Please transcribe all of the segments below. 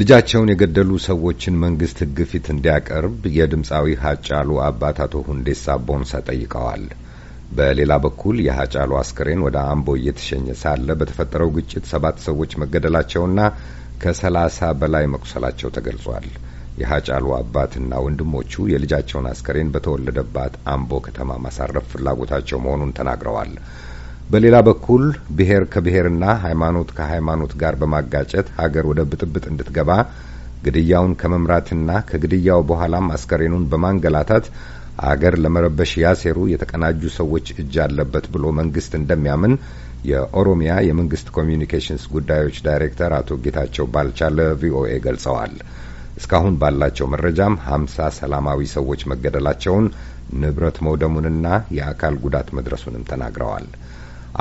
ልጃቸውን የገደሉ ሰዎችን መንግስት ህግ ፊት እንዲያቀርብ የድምፃዊ ሀጫሉ አባት አቶ ሁንዴሳ ቦንሳ ጠይቀዋል። በሌላ በኩል የሀጫሉ አስክሬን ወደ አምቦ እየተሸኘ ሳለ በተፈጠረው ግጭት ሰባት ሰዎች መገደላቸውና ከሰላሳ በላይ መቁሰላቸው ተገልጿል። የሀጫሉ አባትና ወንድሞቹ የልጃቸውን አስከሬን በተወለደባት አምቦ ከተማ ማሳረፍ ፍላጎታቸው መሆኑን ተናግረዋል። በሌላ በኩል ብሔር ከብሔርና ሃይማኖት ከሃይማኖት ጋር በማጋጨት ሀገር ወደ ብጥብጥ እንድትገባ ግድያውን ከመምራትና ከግድያው በኋላም አስከሬኑን በማንገላታት አገር ለመረበሽ ያሴሩ የተቀናጁ ሰዎች እጅ አለበት ብሎ መንግስት እንደሚያምን የኦሮሚያ የመንግስት ኮሚኒኬሽንስ ጉዳዮች ዳይሬክተር አቶ ጌታቸው ባልቻ ለቪኦኤ ገልጸዋል። እስካሁን ባላቸው መረጃም ሀምሳ ሰላማዊ ሰዎች መገደላቸውን ንብረት መውደሙንና የአካል ጉዳት መድረሱንም ተናግረዋል።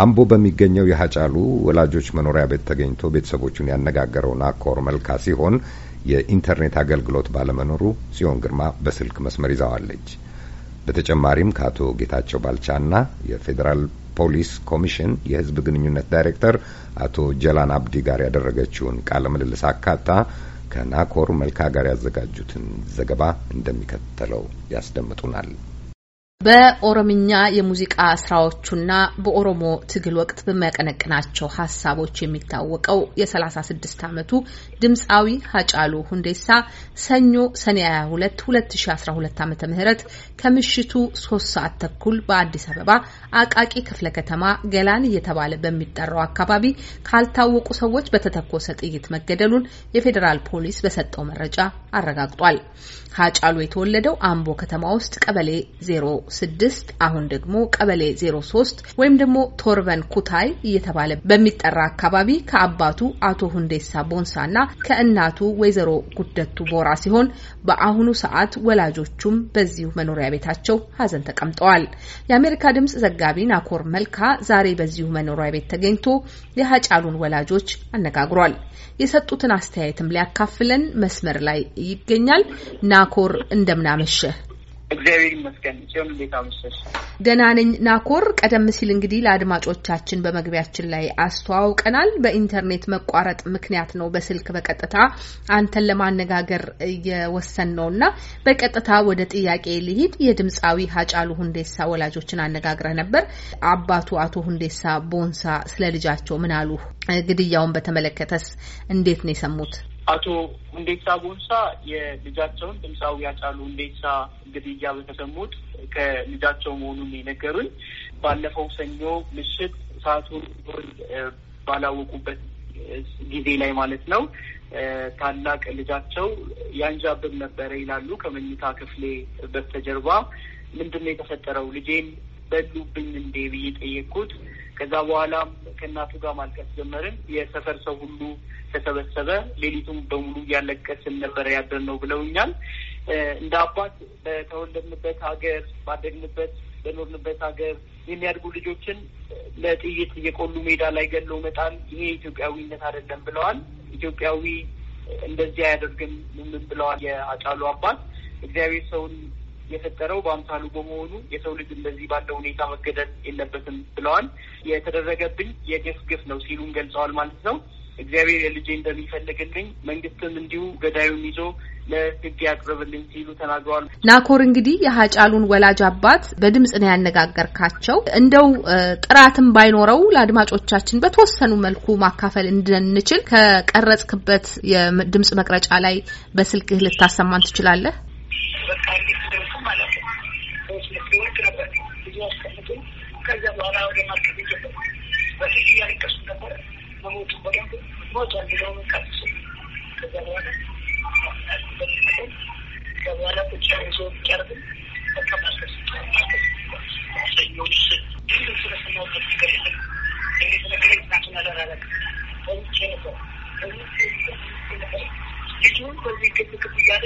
አምቦ በሚገኘው የሀጫሉ ወላጆች መኖሪያ ቤት ተገኝቶ ቤተሰቦቹን ያነጋገረው ናኮር መልካ ሲሆን የኢንተርኔት አገልግሎት ባለመኖሩ ጽዮን ግርማ በስልክ መስመር ይዛዋለች። በተጨማሪም ከአቶ ጌታቸው ባልቻና የፌዴራል ፖሊስ ኮሚሽን የሕዝብ ግንኙነት ዳይሬክተር አቶ ጀላን አብዲ ጋር ያደረገችውን ቃለ ምልልስ አካታ ከናኮር መልካ ጋር ያዘጋጁትን ዘገባ እንደሚከተለው ያስደምጡናል። በኦሮምኛ የሙዚቃ ስራዎቹና በኦሮሞ ትግል ወቅት በሚያቀነቅናቸው ሀሳቦች የሚታወቀው የ36 ዓመቱ ድምፃዊ ሀጫሉ ሁንዴሳ ሰኞ ሰኔ 22 2012 ዓ.ም ከምሽቱ 3 ሰዓት ተኩል በአዲስ አበባ አቃቂ ክፍለ ከተማ ገላን እየተባለ በሚጠራው አካባቢ ካልታወቁ ሰዎች በተተኮሰ ጥይት መገደሉን የፌዴራል ፖሊስ በሰጠው መረጃ አረጋግጧል። ሀጫሉ የተወለደው አምቦ ከተማ ውስጥ ቀበሌ 06 አሁን ደግሞ ቀበሌ 03 ወይም ደግሞ ቶርበን ኩታይ እየተባለ በሚጠራ አካባቢ ከአባቱ አቶ ሁንዴሳ ቦንሳ እና ከእናቱ ወይዘሮ ጉደቱ ቦራ ሲሆን በአሁኑ ሰዓት ወላጆቹም በዚሁ መኖሪያ ቤታቸው ሀዘን ተቀምጠዋል። የአሜሪካ ድምጽ ዘጋቢ ናኮር መልካ ዛሬ በዚሁ መኖሪያ ቤት ተገኝቶ የሀጫሉን ወላጆች አነጋግሯል። የሰጡትን አስተያየትም ሊያካፍለን መስመር ላይ ይገኛል። ናኮር እንደምናመሸህ እግዚአብሔር ይመስገን። ሲሆን እንዴት አመሸሽ? ደህና ነኝ ናኮር። ቀደም ሲል እንግዲህ ለአድማጮቻችን በመግቢያችን ላይ አስተዋውቀናል። በኢንተርኔት መቋረጥ ምክንያት ነው በስልክ በቀጥታ አንተን ለማነጋገር እየወሰን ነው እና በቀጥታ ወደ ጥያቄ ልሂድ። የድምፃዊ ሀጫሉ ሁንዴሳ ወላጆችን አነጋግረ ነበር። አባቱ አቶ ሁንዴሳ ቦንሳ ስለ ልጃቸው ምን አሉ? ግድያውን በተመለከተስ እንዴት ነው የሰሙት? አቶ ሁንዴሳ ቦንሳ የልጃቸውን ድምፃዊ ያጫሉ ሁንዴሳ ግድያ በተሰሙት ከልጃቸው መሆኑን የነገሩኝ ባለፈው ሰኞ ምሽት ሰዓቱን ባላወቁበት ጊዜ ላይ ማለት ነው። ታላቅ ልጃቸው ያንዣብብ ነበረ ይላሉ። ከመኝታ ክፍሌ በስተጀርባ ምንድን ነው የተፈጠረው? ልጄን በሉብኝ እንዴ ብዬ ጠየቅኩት። ከዛ በኋላም ከእናቱ ጋር ማልቀስ ጀመርን። የሰፈር ሰው ሁሉ ተሰበሰበ። ሌሊቱም በሙሉ እያለቀስን ነበረ ነው ብለውኛል። እንደ አባት በተወለድንበት ሀገር ባደግንበት በኖርንበት ሀገር የሚያድጉ ልጆችን ለጥይት እየቆሉ ሜዳ ላይ ገሎ መጣል ይሄ ኢትዮጵያዊነት አይደለም ብለዋል። ኢትዮጵያዊ እንደዚህ አያደርግም ምን ብለዋል የአጫሉ አባት። እግዚአብሔር ሰውን የፈጠረው በአምሳሉ በመሆኑ የሰው ልጅ እንደዚህ ባለው ሁኔታ መገደል የለበትም ብለዋል። የተደረገብኝ የግፍ ግፍ ነው ሲሉም ገልጸዋል ማለት ነው። እግዚአብሔር የልጄ እንደሚፈልግልኝ መንግስትም እንዲሁ ገዳዩን ይዞ ለህግ ያቅርብልኝ ሲሉ ተናግረዋል። ናኮር እንግዲህ የሀጫሉን ወላጅ አባት በድምጽ ነው ያነጋገርካቸው። እንደው ጥራትም ባይኖረው ለአድማጮቻችን በተወሰኑ መልኩ ማካፈል እንድንችል ከቀረጽክበት የድምጽ መቅረጫ ላይ በስልክህ ልታሰማን ትችላለህ? በቃ እንዴት ደርሱ ማለት ነው። ሶስት ሁለት ነበር ብዙ አስቀምጡ። ከዛ በኋላ ወደ ማርኬት ጀመሩ። በፊት እያለቀሱ ነበረ። መሞቱ በደንብ ሞቷ እንዲለው ቀሱ ከዛ በኋላ ከበኋላ ቁጭ ያዞ ጨርግን በቃ ማስከስ ማስከስ ሰኞች ስለሰማሁበት ነገር የለም እንዴት ነገር ናቱን አደራረግ ልጁን በዚህ ግብ እያለ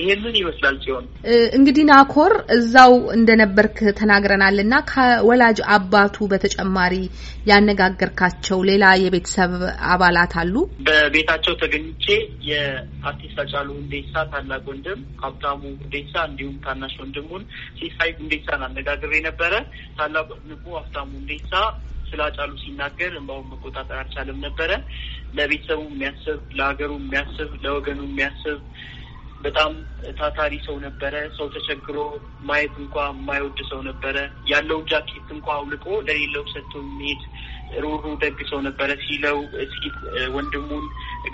ይሄንን ይመስላል ሲሆን እንግዲህ ናኮር እዛው እንደነበርክ ተናግረናል እና ከወላጅ አባቱ በተጨማሪ ያነጋገርካቸው ሌላ የቤተሰብ አባላት አሉ? በቤታቸው ተገኝቼ የአርቲስት አጫሉ ሁንዴሳ ታላቅ ወንድም ሀብታሙ ሁንዴሳ እንዲሁም ታናሽ ወንድሙን ሲሳይ ሁንዴሳን አነጋግሬ ነበረ። ታላቅ ወንድሙ ሀብታሙ ሁንዴሳ ስለ አጫሉ ሲናገር እንባውን መቆጣጠር አልቻለም ነበረ። ለቤተሰቡ የሚያስብ ለሀገሩ የሚያስብ ለወገኑ የሚያስብ በጣም ታታሪ ሰው ነበረ። ሰው ተቸግሮ ማየት እንኳ የማይወድ ሰው ነበረ። ያለው ጃኬት እንኳ አውልቆ ለሌለው ሰጥቶ የሚሄድ ሩሩ ደግ ሰው ነበረ ሲለው ሲት ወንድሙን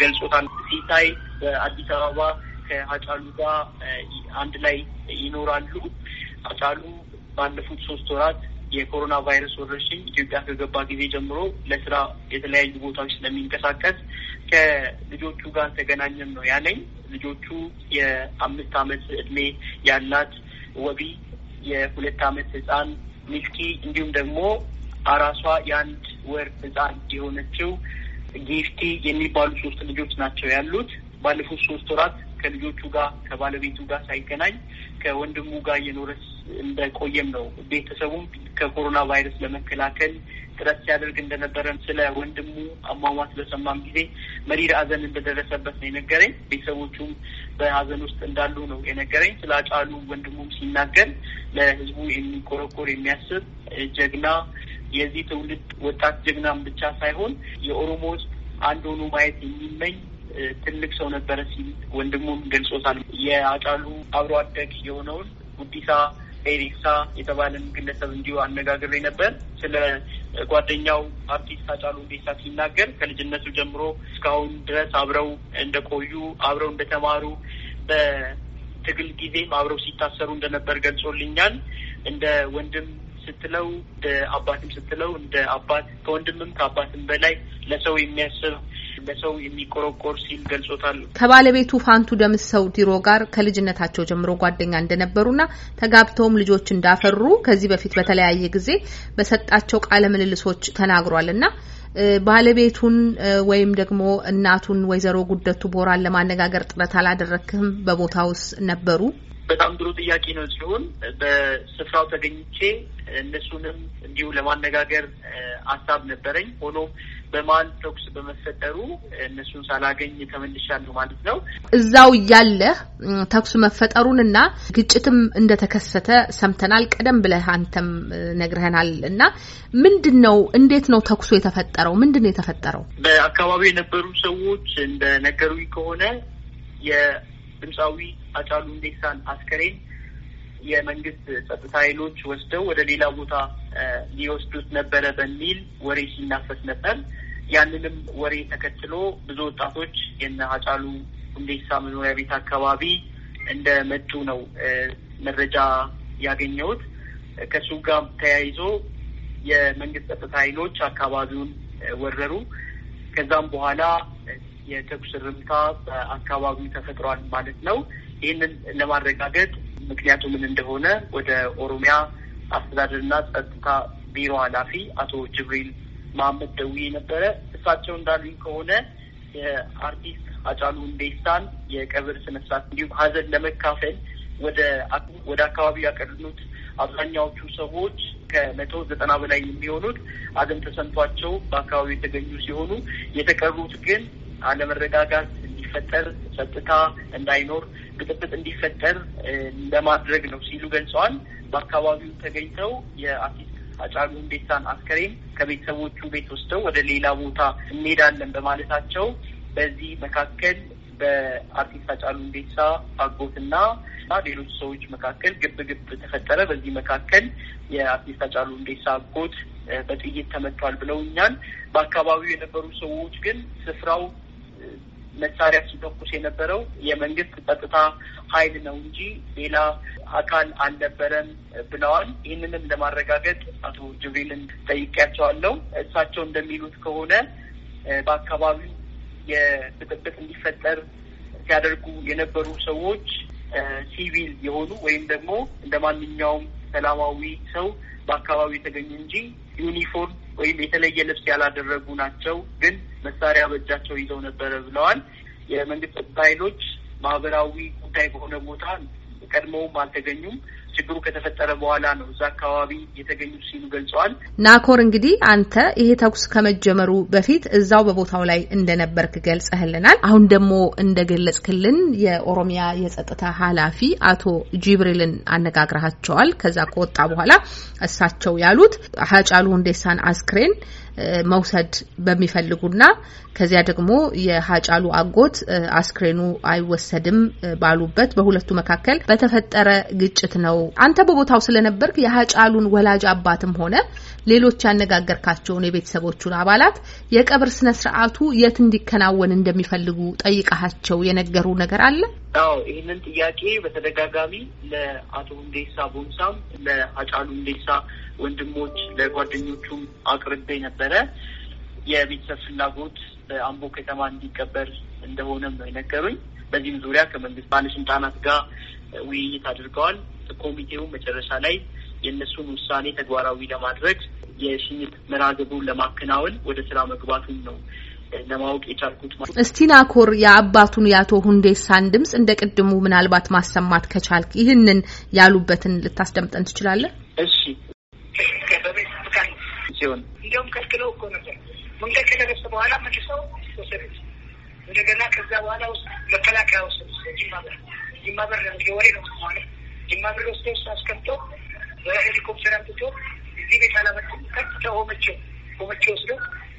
ገልጾታል። ሲታይ በአዲስ አበባ ከአጫሉ ጋር አንድ ላይ ይኖራሉ። አጫሉ ባለፉት ሶስት ወራት የኮሮና ቫይረስ ወረርሽኝ ኢትዮጵያ ከገባ ጊዜ ጀምሮ ለስራ የተለያዩ ቦታዎች ስለሚንቀሳቀስ ከልጆቹ ጋር ተገናኘን ነው ያለኝ። ልጆቹ የአምስት አመት እድሜ ያላት ወቢ፣ የሁለት አመት ህፃን ሚልኪ እንዲሁም ደግሞ አራሷ የአንድ ወር ህፃን የሆነችው ጊፍቲ የሚባሉ ሶስት ልጆች ናቸው ያሉት። ባለፉት ሶስት ወራት ከልጆቹ ጋር ከባለቤቱ ጋር ሳይገናኝ ከወንድሙ ጋር እየኖረስ እንደቆየም ነው። ቤተሰቡም ከኮሮና ቫይረስ ለመከላከል ጥረት ሲያደርግ እንደነበረ ስለ ወንድሙ አሟሟት በሰማም ጊዜ መሪር ሐዘን እንደደረሰበት ነው የነገረኝ። ቤተሰቦቹም በሐዘን ውስጥ እንዳሉ ነው የነገረኝ። ስለ አጫሉ ወንድሙም ሲናገር ለሕዝቡ የሚቆረቆር የሚያስብ ጀግና የዚህ ትውልድ ወጣት ጀግናም ብቻ ሳይሆን የኦሮሞ ውስጥ አንድ ሆኖ ማየት የሚመኝ ትልቅ ሰው ነበረ ሲል ወንድሙም ገልጾታል። የአጫሉ አብሮ አደግ የሆነውን ጉዲሳ ኤሪክሳ የተባለን ግለሰብ እንዲሁ አነጋግሬ ነበር። ስለ ጓደኛው አርቲስት አጫሉ ሁንዴሳ ሲናገር ከልጅነቱ ጀምሮ እስካሁን ድረስ አብረው እንደቆዩ አብረው እንደተማሩ በትግል ጊዜም አብረው ሲታሰሩ እንደነበር ገልጾልኛል። እንደ ወንድም ስትለው እንደ አባትም ስትለው እንደ አባት ከወንድምም ከአባትም በላይ ለሰው የሚያስብ በሰው የሚቆረቆር ሲል ገልጾታል። ከባለቤቱ ፋንቱ ደምሰው ዲሮ ጋር ከልጅነታቸው ጀምሮ ጓደኛ እንደነበሩና ተጋብተውም ልጆች እንዳፈሩ ከዚህ በፊት በተለያየ ጊዜ በሰጣቸው ቃለ ምልልሶች ተናግሯል እና ባለቤቱን ወይም ደግሞ እናቱን ወይዘሮ ጉደቱ ቦራን ለማነጋገር ጥረት አላደረክህም? በቦታውስ ነበሩ? በጣም ጥሩ ጥያቄ ነው ሲሆን በስፍራው ተገኝቼ እነሱንም እንዲሁ ለማነጋገር አሳብ ነበረኝ። ሆኖም በመሀል ተኩስ በመፈጠሩ እነሱን ሳላገኝ ተመልሻለሁ ማለት ነው። እዛው እያለ ተኩስ መፈጠሩን እና ግጭትም እንደተከሰተ ሰምተናል። ቀደም ብለህ አንተም ነግረህናል እና ምንድን ነው እንዴት ነው ተኩሶ የተፈጠረው? ምንድን ነው የተፈጠረው? በአካባቢው የነበሩ ሰዎች እንደነገሩኝ ከሆነ ድምፃዊ አጫሉ ሁንዴሳን አስከሬን የመንግስት ጸጥታ ኃይሎች ወስደው ወደ ሌላ ቦታ ሊወስዱት ነበረ በሚል ወሬ ሲናፈስ ነበር። ያንንም ወሬ ተከትሎ ብዙ ወጣቶች የነ አጫሉ ሁንዴሳ መኖሪያ ቤት አካባቢ እንደ መጡ ነው መረጃ ያገኘሁት። ከሱ ጋር ተያይዞ የመንግስት ጸጥታ ኃይሎች አካባቢውን ወረሩ። ከዛም በኋላ የተኩስ እርምታ በአካባቢው ተፈጥሯል ማለት ነው። ይህንን ለማረጋገጥ ምክንያቱ ምን እንደሆነ ወደ ኦሮሚያ አስተዳደርና ጸጥታ ቢሮ ኃላፊ አቶ ጅብሪል መሀመድ ደውዬ ነበረ። እሳቸው እንዳሉኝ ከሆነ የአርቲስት አጫሉ ሁንዴሳን የቀብር ስነስርዓት እንዲሁም ሀዘን ለመካፈል ወደ ወደ አካባቢው ያቀርኑት አብዛኛዎቹ ሰዎች ከመቶ ዘጠና በላይ የሚሆኑት ሀዘን ተሰምቷቸው በአካባቢው የተገኙ ሲሆኑ የተቀሩት ግን አለመረጋጋት እንዲፈጠር፣ ጸጥታ እንዳይኖር፣ ብጥብጥ እንዲፈጠር ለማድረግ ነው ሲሉ ገልጸዋል። በአካባቢው ተገኝተው የአርቲስት አጫሉ ሁንዴሳን አስከሬን ከቤተሰቦቹ ቤት ወስደው ወደ ሌላ ቦታ እንሄዳለን በማለታቸው በዚህ መካከል በአርቲስት አጫሉ ሁንዴሳ አጎትና ሌሎች ሰዎች መካከል ግብ ግብ ተፈጠረ። በዚህ መካከል የአርቲስት አጫሉ ሁንዴሳ አጎት በጥይት ተመቷል ብለውኛል። በአካባቢው የነበሩ ሰዎች ግን ስፍራው መሳሪያ ሲተኩስ የነበረው የመንግስት ጸጥታ ኃይል ነው እንጂ ሌላ አካል አልነበረም ብለዋል። ይህንንም ለማረጋገጥ አቶ ጅብሪልን ጠይቄያቸዋለሁ። እሳቸው እንደሚሉት ከሆነ በአካባቢው የብጥብጥ እንዲፈጠር ሲያደርጉ የነበሩ ሰዎች ሲቪል የሆኑ ወይም ደግሞ እንደ ማንኛውም ሰላማዊ ሰው በአካባቢው የተገኙ እንጂ ዩኒፎርም ወይም የተለየ ልብስ ያላደረጉ ናቸው፣ ግን መሳሪያ በእጃቸው ይዘው ነበረ ብለዋል። የመንግስት ኃይሎች ማህበራዊ ጉዳይ በሆነ ቦታ ቀድሞውም አልተገኙም። ችግሩ ከተፈጠረ በኋላ ነው እዛ አካባቢ የተገኙ ሲሉ ገልጸዋል። ናኮር እንግዲህ አንተ ይሄ ተኩስ ከመጀመሩ በፊት እዛው በቦታው ላይ እንደነበርክ ገልጸህልናል። አሁን ደግሞ እንደገለጽክልን የኦሮሚያ የጸጥታ ኃላፊ አቶ ጅብሪልን አነጋግረሃቸዋል። ከዛ ከወጣ በኋላ እሳቸው ያሉት ሀጫሉ ሁንዴሳን አስክሬን መውሰድ በሚፈልጉና ከዚያ ደግሞ የሀጫሉ አጎት አስክሬኑ አይወሰድም ባሉበት በሁለቱ መካከል በተፈጠረ ግጭት ነው። አንተ በቦታው ስለነበርክ የሀጫሉን ወላጅ አባትም ሆነ ሌሎች ያነጋገርካቸውን የቤተሰቦቹን አባላት የቀብር ስነ ስርዓቱ የት እንዲከናወን እንደሚፈልጉ ጠይቃቸው የነገሩ ነገር አለ? አዎ፣ ይህንን ጥያቄ በተደጋጋሚ ለአቶ ሁንዴሳ ቦንሳም ለሀጫሉ ሁንዴሳ ወንድሞች ለጓደኞቹም አቅርቤ ነበረ። የቤተሰብ ፍላጎት በአምቦ ከተማ እንዲቀበር እንደሆነም ነው የነገሩኝ። በዚህም ዙሪያ ከመንግስት ባለስልጣናት ጋር ውይይት አድርገዋል። ኮሚቴው መጨረሻ ላይ የእነሱን ውሳኔ ተግባራዊ ለማድረግ የሽኝት መርሃ ግብሩን ለማከናወን ወደ ስራ መግባቱን ነው ለማወቅ የቻልኩት። እስቲ ናኮር የአባቱን የአቶ ሁንዴሳን ድምፅ እንደ ቅድሙ ምናልባት ማሰማት ከቻልክ ይህንን ያሉበትን ልታስደምጠን ትችላለን። እሺ በቤት ፍቃድ ሲሆን እንዲሁም ከልክለው እኮ ነበር። መንገድ ከደረሰ በኋላ መልሰው ወሰደች። እንደገና ከዛ በኋላ ውስጥ መከላከያ ወሰደ። ጅማበር ጅማበር ወሬ ነው ሆነ ጅማበር ወስደ ውስጥ አስቀምጦ በሄሊኮፕተር አምጥቶ እዚህ ቤት አላመጡም። ቀጥታ ሆመቸ ሆመቸ ወስዶ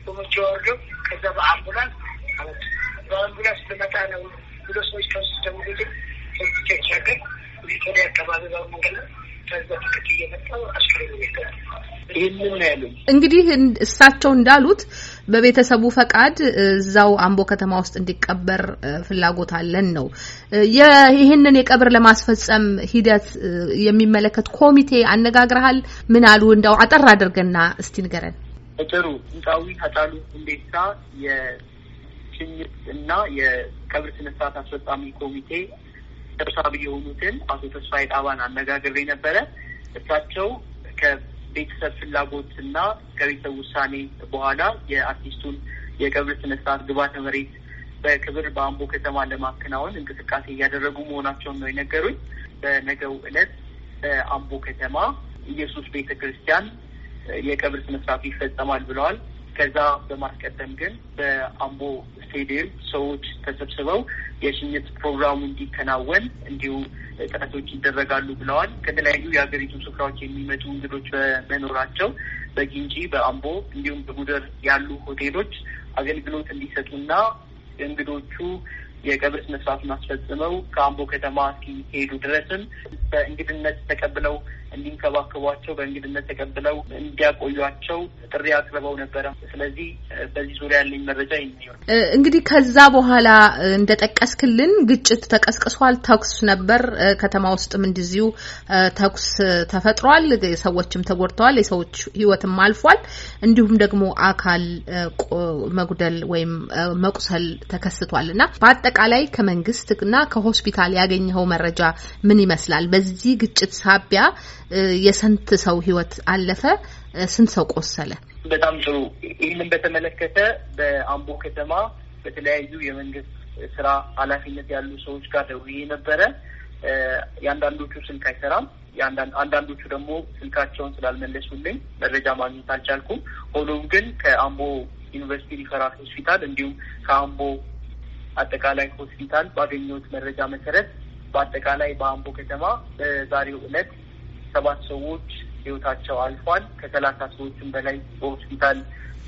ሆመቸ አወርዶ ከዛ በአምቡላንስ አመጡ። በአምቡላንስ ልመጣ ነው ብሎ ሰዎች ከውስጥ ደውሉልኝ ሰዎች ተሻገር አካባቢ ባሉ መንገድ ነው እንግዲህ እሳቸው እንዳሉት በቤተሰቡ ፈቃድ እዛው አምቦ ከተማ ውስጥ እንዲቀበር ፍላጎት አለን ነው። ይህንን የቀብር ለማስፈጸም ሂደት የሚመለከት ኮሚቴ አነጋግረሃል? ምን አሉ? እንዳው አጠር አድርገና እስቲ ንገረን። ጥሩ ጥንታዊ ተጣሉ ሁንዴሳ የሽኝት እና የቀብር ስነስርዓት አስፈጻሚ ኮሚቴ ሰብሳቢ የሆኑትን አቶ ተስፋዬ ጣባን አነጋግሬ ነበረ። እሳቸው ከቤተሰብ ፍላጎት እና ከቤተሰብ ውሳኔ በኋላ የአርቲስቱን የቀብር ስነስርዓት ግብዓተ መሬት በክብር በአምቦ ከተማ ለማከናወን እንቅስቃሴ እያደረጉ መሆናቸውን ነው የነገሩኝ። በነገው ዕለት በአምቦ ከተማ ኢየሱስ ቤተ ክርስቲያን የቀብር ስነስርዓቱ ይፈጸማል ብለዋል። ከዛ በማስቀደም ግን በአምቦ ስቴዲየም ሰዎች ተሰብስበው የሽኝት ፕሮግራሙ እንዲከናወን እንዲሁ ጥረቶች ይደረጋሉ ብለዋል። ከተለያዩ የሀገሪቱ ስፍራዎች የሚመጡ እንግዶች በመኖራቸው በጊንጂ በአምቦ እንዲሁም በጉደር ያሉ ሆቴሎች አገልግሎት እንዲሰጡና እንግዶቹ የቀብር ስነ አስፈጽመው ከአምቦ ከተማ እስኪሄዱ ድረስም በእንግድነት ተቀብለው እንዲንከባከቧቸው በእንግድነት ተቀብለው እንዲያቆዩቸው ጥሪ አቅርበው ነበረ። ስለዚህ በዚህ ዙሪያ ያለኝ መረጃ ይሆን እንግዲህ ከዛ በኋላ እንደጠቀስክልን ግጭት ተቀስቅሷል። ተኩስ ነበር። ከተማ ውስጥም እንዲዚሁ ተኩስ ተፈጥሯል። ሰዎችም ተጎድተዋል። የሰዎች ህይወትም አልፏል። እንዲሁም ደግሞ አካል መጉደል ወይም መቁሰል ተከስቷል እና በአጠቃላይ ከመንግስት እና ከሆስፒታል ያገኘኸው መረጃ ምን ይመስላል? በዚህ ግጭት ሳቢያ የስንት ሰው ህይወት አለፈ? ስንት ሰው ቆሰለ? በጣም ጥሩ። ይህንን በተመለከተ በአምቦ ከተማ በተለያዩ የመንግስት ስራ ኃላፊነት ያሉ ሰዎች ጋር ደውዬ ነበረ። የአንዳንዶቹ ስልክ አይሰራም፣ አንዳንዶቹ ደግሞ ስልካቸውን ስላልመለሱልኝ መረጃ ማግኘት አልቻልኩም። ሆኖም ግን ከአምቦ ዩኒቨርሲቲ ሪፈራል ሆስፒታል እንዲሁም ከአምቦ አጠቃላይ ሆስፒታል ባገኘሁት መረጃ መሰረት በአጠቃላይ በአምቦ ከተማ በዛሬው ዕለት ሰባት ሰዎች ህይወታቸው አልፏል። ከሰላሳ ሰዎችም በላይ በሆስፒታል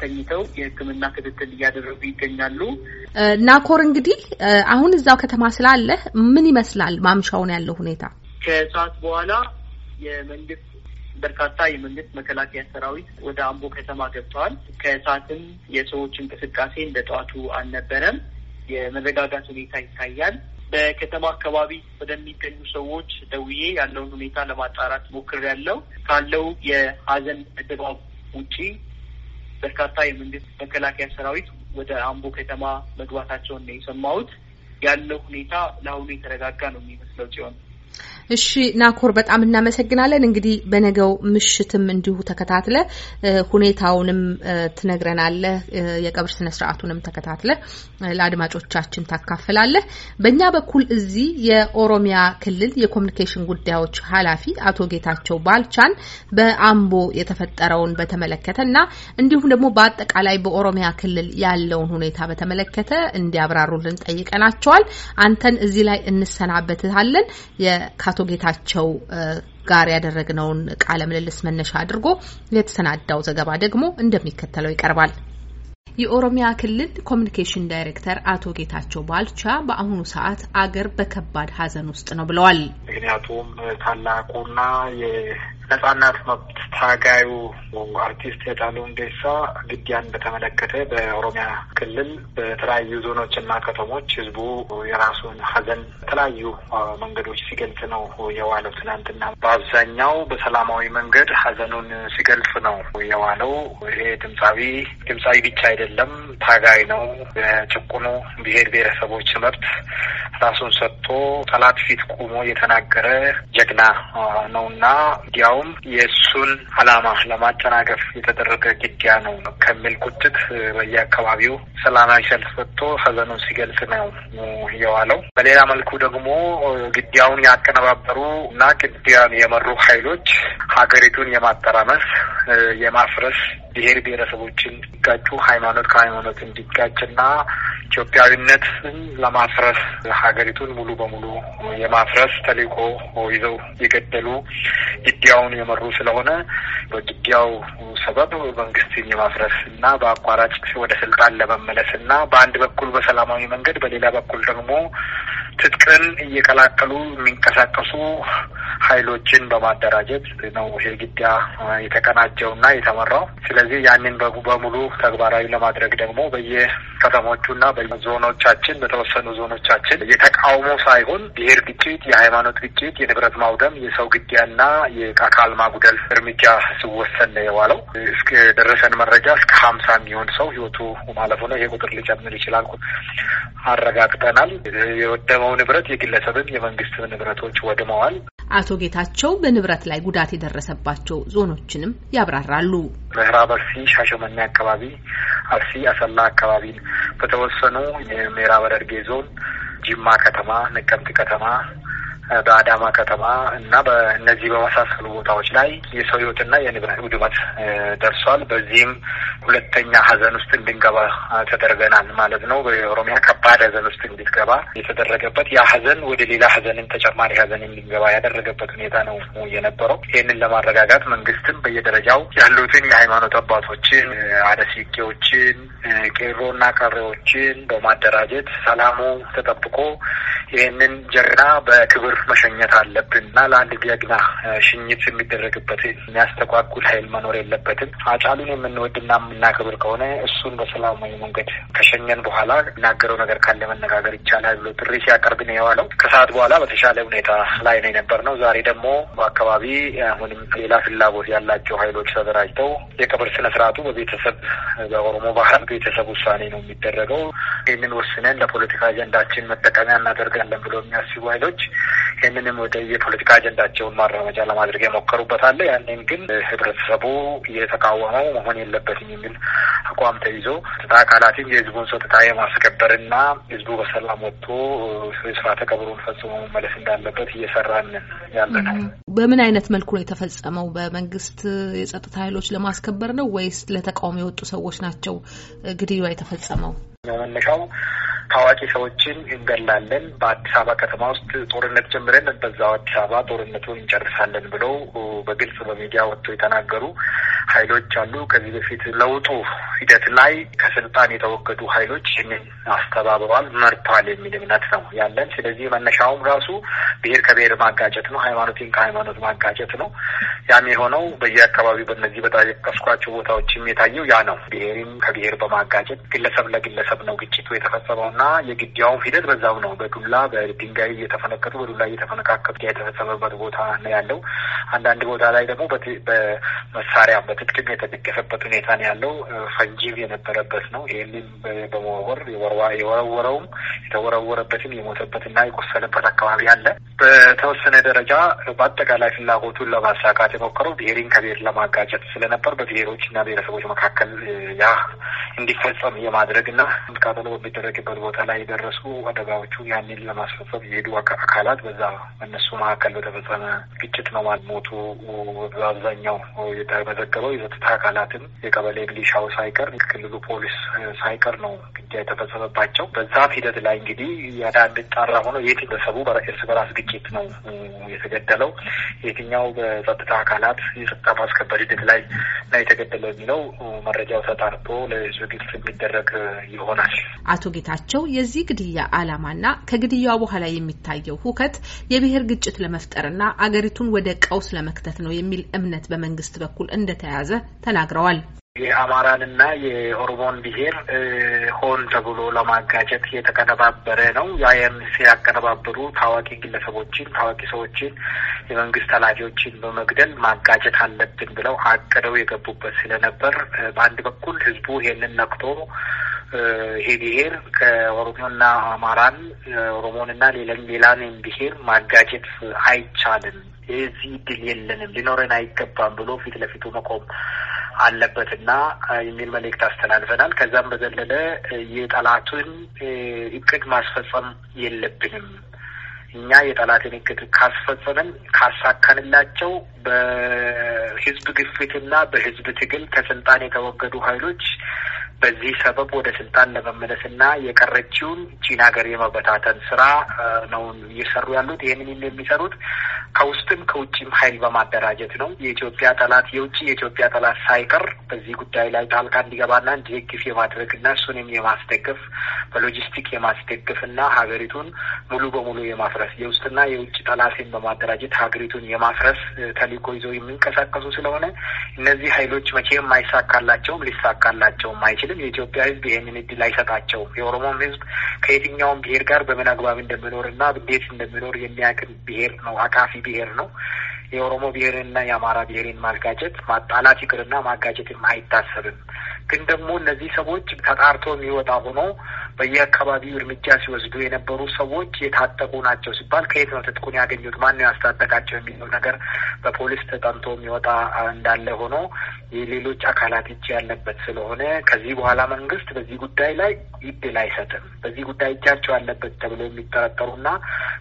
ተኝተው የህክምና ክትትል እያደረጉ ይገኛሉ። ናኮር እንግዲህ አሁን እዛው ከተማ ስላለህ ምን ይመስላል ማምሻውን ያለው ሁኔታ? ከሰዓት በኋላ የመንግስት በርካታ የመንግስት መከላከያ ሰራዊት ወደ አምቦ ከተማ ገብተዋል። ከሰዓትም የሰዎች እንቅስቃሴ እንደ ጠዋቱ አልነበረም። የመረጋጋት ሁኔታ ይታያል። በከተማ አካባቢ ወደሚገኙ ሰዎች ደውዬ ያለውን ሁኔታ ለማጣራት ሞክር ያለው ካለው የሀዘን ድባብ ውጪ በርካታ የመንግስት መከላከያ ሰራዊት ወደ አምቦ ከተማ መግባታቸውን ነው የሰማሁት። ያለው ሁኔታ ለአሁኑ የተረጋጋ ነው የሚመስለው ሲሆን እሺ ናኮር በጣም እናመሰግናለን። እንግዲህ በነገው ምሽትም እንዲሁ ተከታትለ ሁኔታውንም ትነግረናለህ፣ የቀብር ስነ ስርዓቱንም ተከታትለ ለአድማጮቻችን ታካፍላለህ። በእኛ በኩል እዚህ የኦሮሚያ ክልል የኮሚኒኬሽን ጉዳዮች ኃላፊ አቶ ጌታቸው ባልቻን በአምቦ የተፈጠረውን በተመለከተ እና እንዲሁም ደግሞ በአጠቃላይ በኦሮሚያ ክልል ያለውን ሁኔታ በተመለከተ እንዲያብራሩልን ጠይቀናቸዋል። አንተን እዚህ ላይ እንሰናበትለን። ከአቶ ጌታቸው ጋር ያደረግነውን ቃለ ምልልስ መነሻ አድርጎ የተሰናዳው ዘገባ ደግሞ እንደሚከተለው ይቀርባል። የኦሮሚያ ክልል ኮሚኒኬሽን ዳይሬክተር አቶ ጌታቸው ባልቻ በአሁኑ ሰዓት አገር በከባድ ሐዘን ውስጥ ነው ብለዋል። ምክንያቱም ታላቁና ነጻነት መብት ታጋዩ አርቲስት ሃጫሉ እንዴሳ ግድያን በተመለከተ በኦሮሚያ ክልል በተለያዩ ዞኖች እና ከተሞች ህዝቡ የራሱን ሀዘን በተለያዩ መንገዶች ሲገልጽ ነው የዋለው። ትናንትና በአብዛኛው በሰላማዊ መንገድ ሀዘኑን ሲገልጽ ነው የዋለው። ይሄ ድምፃዊ ድምፃዊ ብቻ አይደለም፣ ታጋይ ነው። የጭቁኑ ብሄር ብሄረሰቦች መብት ራሱን ሰጥቶ ጠላት ፊት ቆሞ የተናገረ ጀግና ነውና እንዲያው እንዲያውም የእሱን አላማ ለማጨናገፍ የተደረገ ግድያ ነው ከሚል ቁጭት በየአካባቢው ሰላማዊ ሰልፍ ወጥቶ ሀዘኑን ሲገልጽ ነው የዋለው። በሌላ መልኩ ደግሞ ግድያውን ያቀነባበሩ እና ግድያን የመሩ ኃይሎች ሀገሪቱን የማጠራመስ የማፍረስ ብሔር ብሔረሰቦችን እንዲጋጩ ሃይማኖት ከሃይማኖት እንዲጋጭና ኢትዮጵያዊነትን ለማፍረስ ሀገሪቱን ሙሉ በሙሉ የማፍረስ ተልዕኮ ይዘው የገደሉ ግድያውን ከተማውን የመሩ ስለሆነ በግድያው ሰበብ መንግስትን የማፍረስ እና በአቋራጭ ወደ ስልጣን ለመመለስ እና በአንድ በኩል በሰላማዊ መንገድ በሌላ በኩል ደግሞ ትጥቅን እየቀላቀሉ የሚንቀሳቀሱ ኃይሎችን በማደራጀት ነው ይሄ ግድያ የተቀናጀው እና የተመራው። ስለዚህ ያንን በሙሉ ተግባራዊ ለማድረግ ደግሞ በየከተሞቹ እና በዞኖቻችን በተወሰኑ ዞኖቻችን የተቃውሞ ሳይሆን ብሔር ግጭት፣ የሃይማኖት ግጭት፣ የንብረት ማውደም፣ የሰው ግድያ እና አካል ማጉደል እርምጃ ሲወሰን ነው የዋለው። እስከ ደረሰን መረጃ እስከ ሀምሳ የሚሆን ሰው ህይወቱ ማለፉ ነው። ይሄ ቁጥር ሊጨምር ይችላል አረጋግጠናል። የወደመው ንብረት የግለሰብን የመንግስት ንብረቶች ወድመዋል። አቶ ጌታቸው በንብረት ላይ ጉዳት የደረሰባቸው ዞኖችንም ያብራራሉ። ምዕራብ አርሲ ሻሸመኔ አካባቢ፣ አርሲ አሰላ አካባቢ፣ በተወሰኑ የምዕራብ ሐረርጌ ዞን ጅማ ከተማ፣ ነቀምት ከተማ በአዳማ ከተማ እና በእነዚህ በመሳሰሉ ቦታዎች ላይ የሰው ህይወትና የንብረት ውድመት ደርሷል። በዚህም ሁለተኛ ሀዘን ውስጥ እንድንገባ ተደርገናል ማለት ነው። በኦሮሚያ ከባድ ሀዘን ውስጥ እንድትገባ የተደረገበት ያ ሀዘን ወደ ሌላ ሀዘንን ተጨማሪ ሀዘን እንድንገባ ያደረገበት ሁኔታ ነው የነበረው። ይህንን ለማረጋጋት መንግስትም በየደረጃው ያሉትን የሃይማኖት አባቶችን፣ አደሲቄዎችን፣ ቄሮና ቀሬዎችን በማደራጀት ሰላሙ ተጠብቆ ይህንን ጀግና በክብር በግፍ መሸኘት አለብን እና ለአንድ ጀግና ሽኝት የሚደረግበት የሚያስተጓጉል ኃይል መኖር የለበትም። አጫሉን የምንወድና የምናከብር ከሆነ እሱን በሰላማዊ መንገድ ከሸኘን በኋላ የሚናገረው ነገር ካለ መነጋገር ይቻላል ብሎ ጥሪ ሲያቀርብ ነው የዋለው። ከሰዓት በኋላ በተሻለ ሁኔታ ላይ ነው የነበር ነው። ዛሬ ደግሞ በአካባቢ አሁንም ሌላ ፍላጎት ያላቸው ኃይሎች ተደራጅተው የቀብር ስነ በቤተሰብ በኦሮሞ ባህል ቤተሰብ ውሳኔ ነው የሚደረገው። ይህንን ወስነን ለፖለቲካ አጀንዳችን መጠቀሚያ እናደርጋለን ብሎ የሚያስቡ ኃይሎች ይህንንም ወደ የፖለቲካ አጀንዳቸውን ማራመጃ ለማድረግ የሞከሩበት አለ። ያንን ግን ህብረተሰቡ እየተቃወመው መሆን የለበትም የሚል አቋም ተይዞ ጸጥታ አካላትም የህዝቡን ጸጥታ የማስከበርና ህዝቡ በሰላም ወጥቶ ስርዓተ ቀብሩን ፈጽሞ መመለስ እንዳለበት እየሰራን ያለ ነው። በምን አይነት መልኩ ነው የተፈጸመው? በመንግስት የጸጥታ ኃይሎች ለማስከበር ነው ወይስ ለተቃውሞ የወጡ ሰዎች ናቸው ግድያ የተፈጸመው? መነሻው ታዋቂ ሰዎችን እንገላለን፣ በአዲስ አበባ ከተማ ውስጥ ጦርነት ጀምረን በዛው አዲስ አበባ ጦርነቱን እንጨርሳለን ብለው በግልጽ በሚዲያ ወጥቶ የተናገሩ ኃይሎች አሉ። ከዚህ በፊት ለውጡ ሂደት ላይ ከስልጣን የተወገዱ ኃይሎች ይህንን አስተባብሯል፣ መርቷል የሚል እምነት ነው ያለን። ስለዚህ መነሻውም ራሱ ብሔር ከብሔር ማጋጨት ነው፣ ሃይማኖትን ከሃይማኖት ማጋጨት ነው። ያም የሆነው በየአካባቢው በእነዚህ በጠቀስኳቸው ቦታዎችም የታየው ያ ነው። ብሔርን ከብሔር በማጋጨት ግለሰብ ለግለሰብ በጸብ ነው ግጭቱ የተፈጸመው እና የግድያውም ሂደት በዛው ነው። በዱላ በድንጋይ እየተፈነከቱ በዱላ እየተፈነካከቱ የተፈጸመበት ቦታ ነው ያለው። አንዳንድ ቦታ ላይ ደግሞ በመሳሪያ በትጥቅም የተደገፈበት ሁኔታ ነው ያለው። ፈንጂም የነበረበት ነው። ይህንም በመወርወር የወረወረውም የተወረወረበትም የሞተበት እና የቆሰለበት አካባቢ አለ። በተወሰነ ደረጃ በአጠቃላይ ፍላጎቱን ለማሳካት የሞከረው ብሔርን ከብሔር ለማጋጨት ስለነበር በብሔሮች እና ብሔረሰቦች መካከል ያ እንዲፈጸም የማድረግ እና ቃጠሎ በሚደረግበት ቦታ ላይ የደረሱ አደጋዎቹ ያንን ለማስፈጸም የሄዱ አካላት በዛ በእነሱ መካከል በተፈጸመ ግጭት ነው ማልሞቱ በአብዛኛው የተመዘገበው የጸጥታ አካላትም የቀበሌ ሚሊሻው ሳይቀር ክልሉ ፖሊስ ሳይቀር ነው ግድያ የተፈጸመባቸው። በዛም ሂደት ላይ እንግዲህ ሆነው የት በሰቡ እርስ በራስ ግጭት ነው የተገደለው። የትኛው በጸጥታ አካላት የጸጥታ ማስከበር ሂደት ላይ ና የተገደለው የሚለው መረጃው ተጣርቶ ለህዝብ ግልጽ የሚደረግ ይሆናል። ይሆናል። አቶ ጌታቸው የዚህ ግድያ ዓላማና ከግድያው በኋላ የሚታየው ሁከት የብሔር ግጭት ለመፍጠርና አገሪቱን ወደ ቀውስ ለመክተት ነው የሚል እምነት በመንግስት በኩል እንደተያዘ ተናግረዋል። የአማራንና የኦሮሞን ብሔር ሆን ተብሎ ለማጋጨት የተቀነባበረ ነው። ያየን ያቀነባበሩ ታዋቂ ግለሰቦችን፣ ታዋቂ ሰዎችን፣ የመንግስት ኃላፊዎችን በመግደል ማጋጨት አለብን ብለው አቅደው የገቡበት ስለነበር በአንድ በኩል ህዝቡ ይሄንን ነቅቶ ይሄ ብሄር ከኦሮሞና አማራን ኦሮሞንና ሌላን ሌላንም ብሄር ማጋጨት አይቻልም። የዚህ ድል የለንም፣ ሊኖረን አይገባም ብሎ ፊት ለፊቱ መቆም አለበትና የሚል መልእክት አስተላልፈናል። ከዛም በዘለለ የጠላቱን እቅድ ማስፈጸም የለብንም። እኛ የጠላትን እቅድ ካስፈጸምን ካሳካንላቸው በህዝብ ግፊትና በህዝብ ትግል ከስልጣን የተወገዱ ኃይሎች በዚህ ሰበብ ወደ ስልጣን ለመመለስና የቀረችውን ቺን ሀገር የመበታተን ስራ ነው እየሰሩ ያሉት። ይህንን የሚሰሩት ከውስጥም ከውጭም ሀይል በማደራጀት ነው። የኢትዮጵያ ጠላት የውጭ የኢትዮጵያ ጠላት ሳይቀር በዚህ ጉዳይ ላይ ጣልቃ እንዲገባና እንዲደግፍ የማድረግና እሱንም የማስደገፍ በሎጂስቲክ የማስደገፍና ሀገሪቱን ሙሉ በሙሉ የማፍረስ የውስጥና የውጭ ጠላትን በማደራጀት ሀገሪቱን የማፍረስ ተልዕኮ ይዘው የሚንቀሳቀሱ ስለሆነ እነዚህ ኃይሎች መቼም አይሳካላቸውም፣ ሊሳካላቸውም አይችል አይችልም። የኢትዮጵያ ሕዝብ ይህንን እድል አይሰጣቸውም። የኦሮሞም ሕዝብ ከየትኛውም ብሔር ጋር በምን አግባብ እንደምኖር እና እንዴት እንደምኖር የሚያቅም ብሄር ነው። አቃፊ ብሄር ነው። የኦሮሞ ብሔርንና የአማራ ብሄርን ማጋጨት ማጣላት ይቅርና ማጋጨትም አይታሰብም። ግን ደግሞ እነዚህ ሰዎች ተጣርቶ የሚወጣ ሆኖ በየአካባቢው እርምጃ ሲወስዱ የነበሩ ሰዎች የታጠቁ ናቸው ሲባል ከየት ነው ትጥቁን ያገኙት? ማነው ያስታጠቃቸው? የሚለው ነገር በፖሊስ ተጠንቶ የሚወጣ እንዳለ ሆኖ የሌሎች አካላት እጅ ያለበት ስለሆነ ከዚህ በኋላ መንግስት በዚህ ጉዳይ ላይ ይድል አይሰጥም። በዚህ ጉዳይ እጃቸው ያለበት ተብሎ የሚጠረጠሩና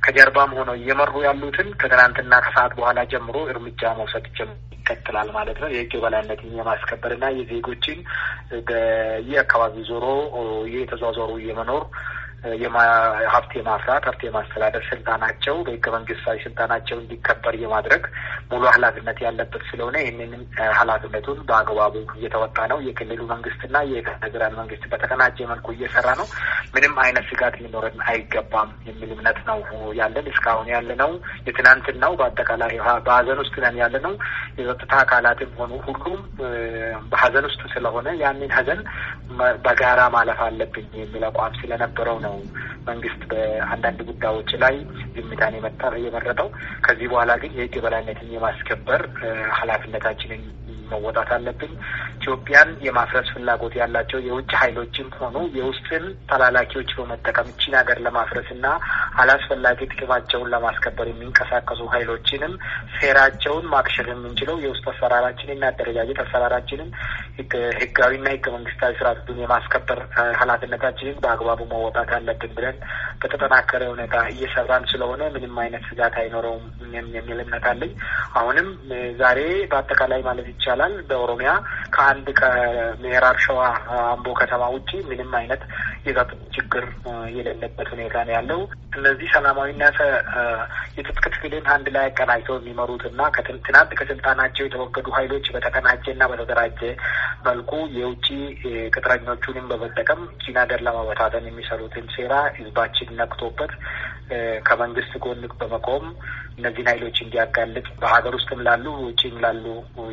ከጀርባም ሆነው እየመሩ ያሉትን ከትናንትና ከሰዓት በኋላ ጀምሮ እርምጃ መውሰድ ይቀጥላል ማለት ነው። የህግ የበላይነትን የማስከበርና የዜጎችን በየአካባቢ ዞሮ እየተዟዟሩ የመኖር ሀብት የማፍራት ሀብት የማስተዳደር ስልጣናቸው በህገ መንግስታዊ ስልጣናቸው እንዲከበር የማድረግ ሙሉ ኃላፊነት ያለበት ስለሆነ ይህንንም ኃላፊነቱን በአግባቡ እየተወጣ ነው። የክልሉ መንግስትና የፌዴራል መንግስት በተቀናጀ መልኩ እየሰራ ነው። ምንም አይነት ስጋት ሊኖረን አይገባም የሚል እምነት ነው ያለን። እስካሁን ያለ ነው የትናንትን ነው። በአጠቃላይ በሀዘን ውስጥ ነን ያለ ነው። የጸጥታ አካላትም ሆኑ ሁሉም በሀዘን ውስጥ ስለሆነ ያንን ሀዘን በጋራ ማለፍ አለብኝ የሚል አቋም ስለነበረው ነው ነው መንግስት በአንዳንድ ጉዳዮች ላይ ዝምታን የመረጠው። ከዚህ በኋላ ግን የህግ የበላይነትን የማስከበር ኃላፊነታችንን መወጣት አለብን ኢትዮጵያን የማፍረስ ፍላጎት ያላቸው የውጭ ኃይሎችም ሆኑ የውስጥን ተላላኪዎች በመጠቀም ቺን ሀገር ለማፍረስ እና አላስፈላጊ ጥቅማቸውን ለማስከበር የሚንቀሳቀሱ ኃይሎችንም ሴራቸውን ማክሸፍ የምንችለው የውስጥ አሰራራችንና አደረጃጀት አሰራራችንን ህጋዊና ህገ መንግስታዊ ስርዓቱን የማስከበር ኃላፊነታችንን በአግባቡ መወጣት አለብን ብለን በተጠናከረ ሁኔታ እየሰራን ስለሆነ ምንም አይነት ስጋት አይኖረውም የሚል እምነት አለኝ። አሁንም ዛሬ በአጠቃላይ ማለት ይቻላል በኦሮሚያ ከአንድ ከምዕራብ ሸዋ አምቦ ከተማ ውጪ ምንም አይነት የዛት ችግር የሌለበት ሁኔታ ነው ያለው። እነዚህ ሰላማዊና የትጥቅ ትግልን አንድ ላይ አቀናጅተው የሚመሩት እና ትናንት ከስልጣናቸው የተወገዱ ኃይሎች በተቀናጀ እና በተደራጀ መልኩ የውጭ ቅጥረኞቹንም በመጠቀም ኪናደር ለማበታተን የሚሰሩትን ሴራ ህዝባችን ነቅቶበት ከመንግስት ጎን በመቆም እነዚህን ኃይሎች እንዲያጋልጥ በሀገር ውስጥም ላሉ ውጭም ላሉ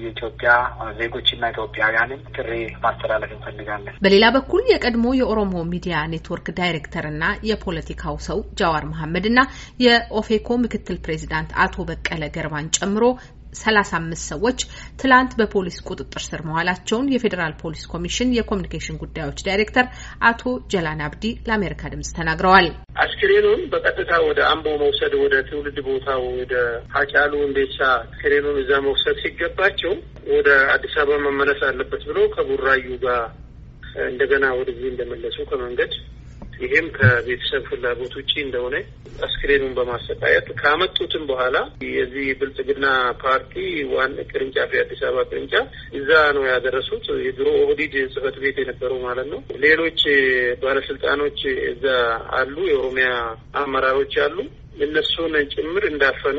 የኢትዮጵያ ዜጎችና ኢትዮጵያውያንን ጥሪ ማስተላለፍ እንፈልጋለን። በሌላ በኩል የቀድሞ የኦሮሞ ሚዲያ ኔትወርክ ዳይሬክተርና የፖለቲካው ሰው ጃዋር መሐመድና የኦፌኮ ምክትል ፕሬዚዳንት አቶ በቀለ ገርባን ጨምሮ 35 ሰዎች ትላንት በፖሊስ ቁጥጥር ስር መዋላቸውን የፌዴራል ፖሊስ ኮሚሽን የኮሚኒኬሽን ጉዳዮች ዳይሬክተር አቶ ጀላን አብዲ ለአሜሪካ ድምጽ ተናግረዋል። አስክሬኑን በቀጥታ ወደ አምቦ መውሰድ፣ ወደ ትውልድ ቦታው ወደ ሀጫሉ እንዴቻ አስክሬኑን እዛ መውሰድ ሲገባቸው ወደ አዲስ አበባ መመለስ አለበት ብሎ ከቡራዩ ጋር እንደገና ወደዚህ እንደመለሱ ከመንገድ ይሄም ከቤተሰብ ፍላጎት ውጪ እንደሆነ አስክሬኑን በማሰቃየት ካመጡትም በኋላ የዚህ ብልጽግና ፓርቲ ዋን ቅርንጫፍ የአዲስ አበባ ቅርንጫፍ እዛ ነው ያደረሱት። የድሮ ኦህዲድ ጽህፈት ቤት የነበረው ማለት ነው። ሌሎች ባለስልጣኖች እዛ አሉ፣ የኦሮሚያ አመራሮች አሉ። እነሱን ጭምር እንዳፈኑ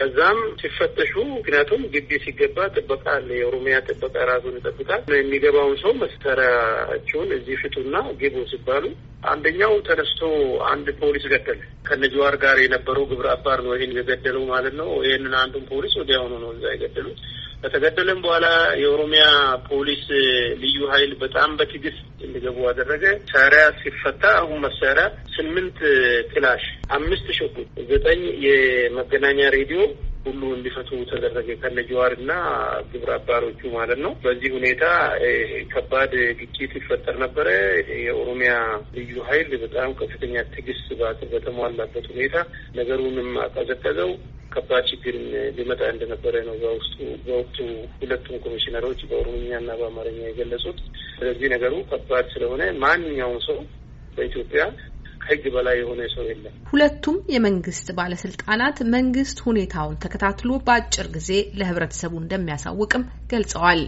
ከዛም ሲፈተሹ ምክንያቱም ግቢ ሲገባ ጥበቃ አለ። የኦሮሚያ ጥበቃ ራሱን ይጠብቃል። የሚገባውን ሰው መሳሪያችሁን እዚህ ፍቱና ግቡ ሲባሉ አንደኛው ተነስቶ አንድ ፖሊስ ገደለ። ከነጅዋር ጋር የነበረው ግብረ አባር ነው ይህን የገደለው ማለት ነው። ይህንን አንዱን ፖሊስ ወዲያውኑ ነው እዛ የገደሉት። ከተገደለም በኋላ የኦሮሚያ ፖሊስ ልዩ ኃይል በጣም በትዕግስት እንዲገቡ አደረገ። መሳሪያ ሲፈታ አሁን መሳሪያ ስምንት ክላሽ፣ አምስት ሽጉጥ፣ ዘጠኝ የመገናኛ ሬዲዮ ሁሉ እንዲፈቱ ተደረገ ከነ ጀዋር ግብረ አባሮቹ ማለት ነው። በዚህ ሁኔታ ከባድ ግጭት ይፈጠር ነበረ። የኦሮሚያ ልዩ ኃይል በጣም ከፍተኛ ትዕግስት በተሟላበት ሁኔታ ነገሩንም አቀዘቀዘው። ከባድ ችግር ሊመጣ እንደነበረ ነው በውስጡ በወቅቱ ሁለቱም ኮሚሽነሮች በኦሮምኛና በአማርኛ የገለጹት። ስለዚህ ነገሩ ከባድ ስለሆነ ማንኛውም ሰው በኢትዮጵያ ከህግ በላይ የሆነ ሰው የለም። ሁለቱም የመንግስት ባለስልጣናት መንግስት ሁኔታውን ተከታትሎ በአጭር ጊዜ ለህብረተሰቡ እንደሚያሳውቅም ገልጸዋል።